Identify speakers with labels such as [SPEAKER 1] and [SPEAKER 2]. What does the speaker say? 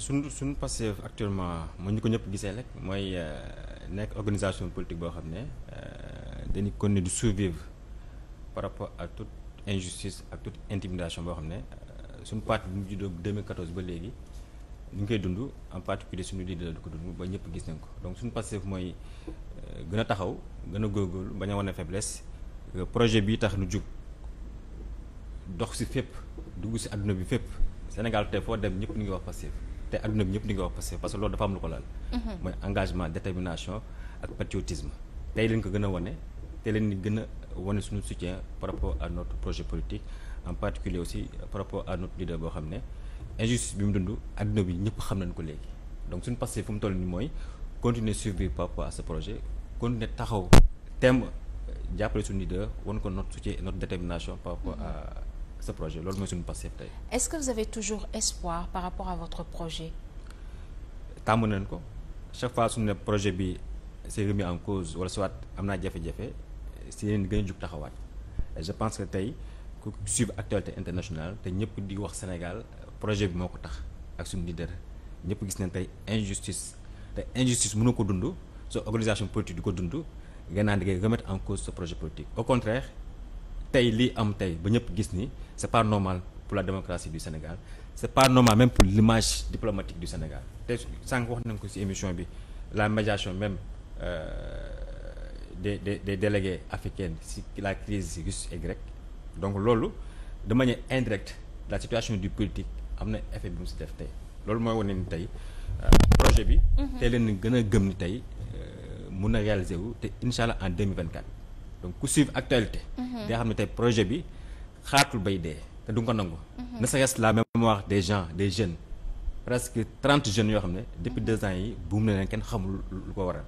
[SPEAKER 1] suñ suñ Pastef actuellement moo ñu ko ñëpp gisee rek mooy euh, nekk organisation politique boo xam ne euh, dañu continuer du survivre par rapport ak toute injustice ak toute intimidation boo xam ne euh, suñu parti bi mu juddoo ba léegi ñu ngi koy dund en particulier suñu leader du ko dund ba ñëpp gis nañ ko donc suñu Pastef mooy gën a taxaw gën a góor góorgóorlu bañ a wane faiblesse projet bi tax nu jug dox ci fépp dugg ci àdduna bi fépp Sénégal tey foo dem ñëpp ñu ngi wax Pastef te adduna bi ñëpp di nga wax Pastef parce que loolu dafa am lu ko laal. Mhm. mooy engagement détermination ak patriotisme. tey leen ko gën a wane tey leen ni gën a wane suñu soutien par rapport à notre projet politique en particulier aussi par rapport à notre leader boo xam ne injustice bi mu dund adduna bi ñëpp xam nañ ko léegi donc suñu Pastef fu mu toll nii mooy continuer suivre par rapport à ce projet continuer taxaw thème jàppale suñu leader wan ko notre soutien notre détermination par rapport sa projet loolu mooy suñu passé tey. est-ce que vous avez toujours espoir par rapport à votre projet. tàmm nañ ko chaque fois suñu ne projet bi c'est remis en cause wala soit am naa jafe-jafe si yeneen gën a jub taxawaat je pense que tey ku suivre actualité internationale te ñëpp di wax Sénégal projet bi moo ko tax ak suñu leader ñëpp gis nañ tey injustice te injustice mënoo ko dund sa organisation politique di ko dund nga naan di remettre en cause ce projet politique au tey lii am tey ba ñëpp gis ni c'est pas normal pour la démocratie du Sénégal c'est pas normal même pour l'image diplomatique du Sénégal te sànq wax nañ ko ci émission bi la médiation même euh, des des des délégués africains ci la crise russe et grecque donc loolu dama manière indirecte la situation du politique am na effet bi mu ci def tey loolu mooy wone ni tey euh, projet bi. Mhm. tey leen gën a gëm ni tey euh, mun na réaliser wu te incha allah en 2024 donc ku suivre actualité. di mhm. xam ne tey projet bi xaatul bay dee te du nga ko nangu. Mhm. ne serait-ce la mémoire des gens des jeunes presque trente jeunes yoo xam ne depuis mhm. deux ans yi buum ne leen kenn xamul lu ko waral.